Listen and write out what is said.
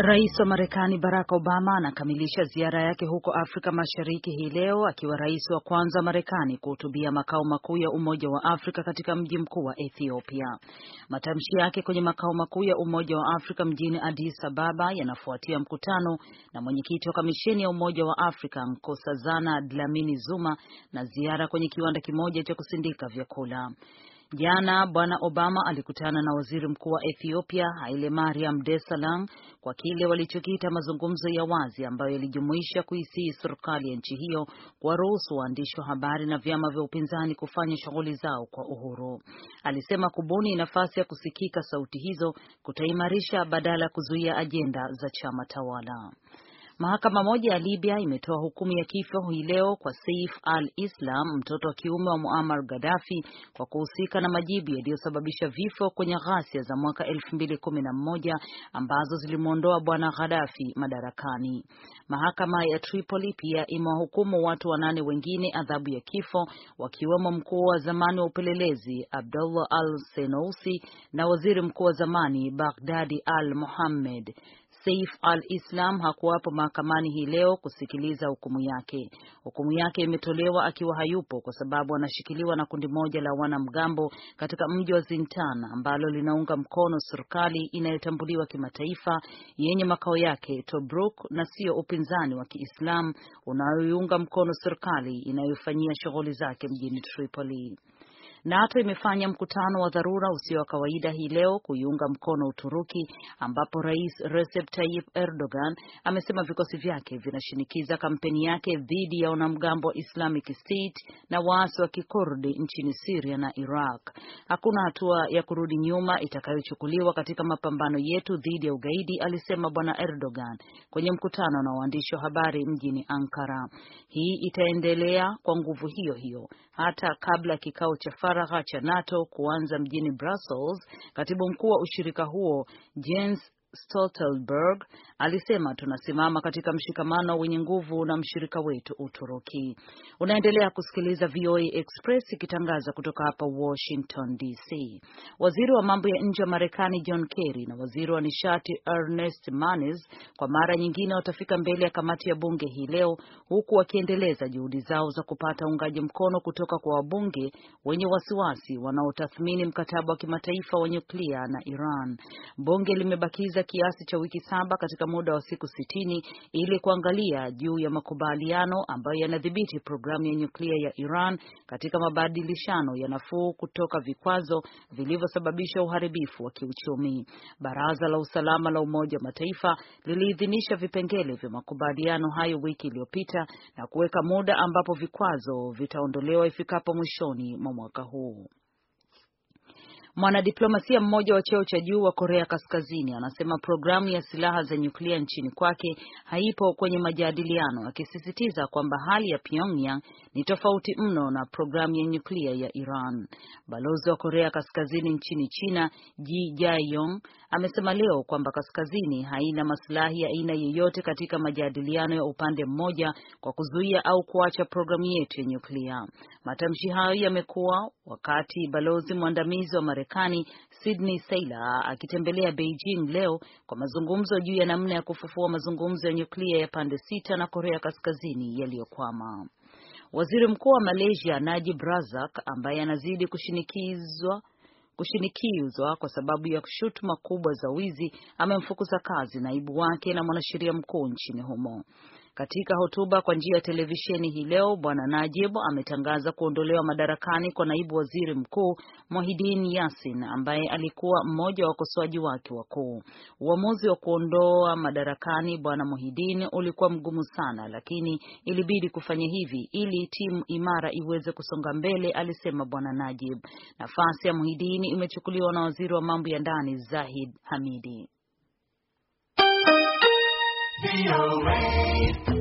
Rais wa Marekani Barack Obama anakamilisha ziara yake huko Afrika Mashariki hii leo akiwa rais wa kwanza wa Marekani kuhutubia makao makuu ya Umoja wa Afrika katika mji mkuu wa Ethiopia. Matamshi yake kwenye makao makuu ya Umoja wa Afrika mjini Addis Ababa yanafuatia mkutano na mwenyekiti wa Kamisheni ya Umoja wa Afrika Nkosazana Dlamini Zuma na ziara kwenye kiwanda kimoja cha kusindika vyakula. Jana Bwana Obama alikutana na waziri mkuu wa Ethiopia Haile Mariam Desalegn kwa kile walichokiita mazungumzo ya wazi ambayo yalijumuisha kuisii serikali ya nchi hiyo kuwaruhusu waandishi wa habari na vyama vya upinzani kufanya shughuli zao kwa uhuru. Alisema kubuni nafasi ya kusikika sauti hizo kutaimarisha badala ya kuzuia ajenda za chama tawala. Mahakama moja ya Libya imetoa hukumu ya kifo hii leo kwa Saif al-Islam, mtoto wa kiume wa Muammar Gaddafi, kwa kuhusika na majibu yaliyosababisha vifo kwenye ghasia za mwaka 2011 ambazo zilimwondoa bwana Gaddafi madarakani. Mahakama ya Tripoli pia imewahukumu watu wanane wengine adhabu ya kifo, wakiwemo mkuu wa zamani wa upelelezi Abdullah al-Senousi na waziri mkuu wa zamani Baghdadi al-Mohammed. Saif al-Islam hakuwapo mahakamani hii leo kusikiliza hukumu yake. Hukumu yake imetolewa akiwa hayupo kwa sababu anashikiliwa na kundi moja la wanamgambo katika mji wa Zintan ambalo linaunga mkono serikali inayotambuliwa kimataifa yenye makao yake Tobruk na sio upinzani wa Kiislamu unayoiunga mkono serikali inayofanyia shughuli zake mjini Tripoli. NATO imefanya mkutano wa dharura usio wa kawaida hii leo kuiunga mkono Uturuki, ambapo Rais Recep Tayyip Erdogan amesema vikosi vyake vinashinikiza kampeni yake dhidi ya wanamgambo wa Islamic State na waasi wa Kikurdi nchini Syria na Iraq. Hakuna hatua ya kurudi nyuma itakayochukuliwa katika mapambano yetu dhidi ya ugaidi, alisema Bwana Erdogan kwenye mkutano na waandishi wa habari mjini Ankara. Hii itaendelea kwa nguvu hiyo hiyo hata kabla ya kikao cha faragha cha NATO kuanza mjini Brussels, katibu mkuu wa ushirika huo Jens Stoltenberg Alisema tunasimama katika mshikamano wenye nguvu na mshirika wetu Uturuki. Unaendelea kusikiliza VOA Express ikitangaza kutoka hapa Washington DC. Waziri wa mambo ya nje wa Marekani John Kerry na waziri wa nishati Ernest Moniz kwa mara nyingine watafika mbele ya kamati ya bunge hii leo, huku wakiendeleza juhudi zao za kupata uungaji mkono kutoka kwa wabunge wenye wasiwasi wanaotathmini mkataba wa kimataifa wa nyuklia na Iran. Bunge limebakiza kiasi cha wiki saba katika muda wa siku sitini ili kuangalia juu ya makubaliano ambayo yanadhibiti programu ya nyuklia ya Iran katika mabadilishano ya nafuu kutoka vikwazo vilivyosababisha uharibifu wa kiuchumi. Baraza la Usalama la Umoja wa Mataifa liliidhinisha vipengele vya makubaliano hayo wiki iliyopita na kuweka muda ambapo vikwazo vitaondolewa ifikapo mwishoni mwa mwaka huu. Mwanadiplomasia mmoja wa cheo cha juu wa Korea Kaskazini anasema programu ya silaha za nyuklia nchini kwake haipo kwenye majadiliano, akisisitiza kwamba hali ya Pyongyang ni tofauti mno na programu ya nyuklia ya Iran. Balozi wa Korea Kaskazini nchini China, Ji Jae-yong, amesema leo kwamba Kaskazini haina masilahi ya aina yoyote katika majadiliano ya upande mmoja kwa kuzuia au kuacha programu yetu ya nyuklia. Matamshi hayo yamekuwa wakati balozi mwandamizi wa Marekani Marekani Sydney Seiler akitembelea Beijing leo kwa mazungumzo juu ya namna ya kufufua mazungumzo ya nyuklia ya pande sita na Korea Kaskazini yaliyokwama. Waziri Mkuu wa Malaysia Najib Razak ambaye anazidi kushinikizwa kushinikizwa kwa sababu ya shutuma kubwa za wizi amemfukuza kazi naibu wake na mwanasheria mkuu nchini humo. Katika hotuba kwa njia ya televisheni hii leo, Bwana Najib ametangaza kuondolewa madarakani kwa naibu waziri mkuu Mohidin Yasin ambaye alikuwa mmoja wa wakosoaji wake wakuu. Uamuzi wa kuondoa madarakani Bwana Mohidin ulikuwa mgumu sana, lakini ilibidi kufanya hivi ili timu imara iweze kusonga mbele, alisema Bwana Najib. Nafasi ya Mohidin imechukuliwa na waziri wa mambo ya ndani Zahid Hamidi. VOA.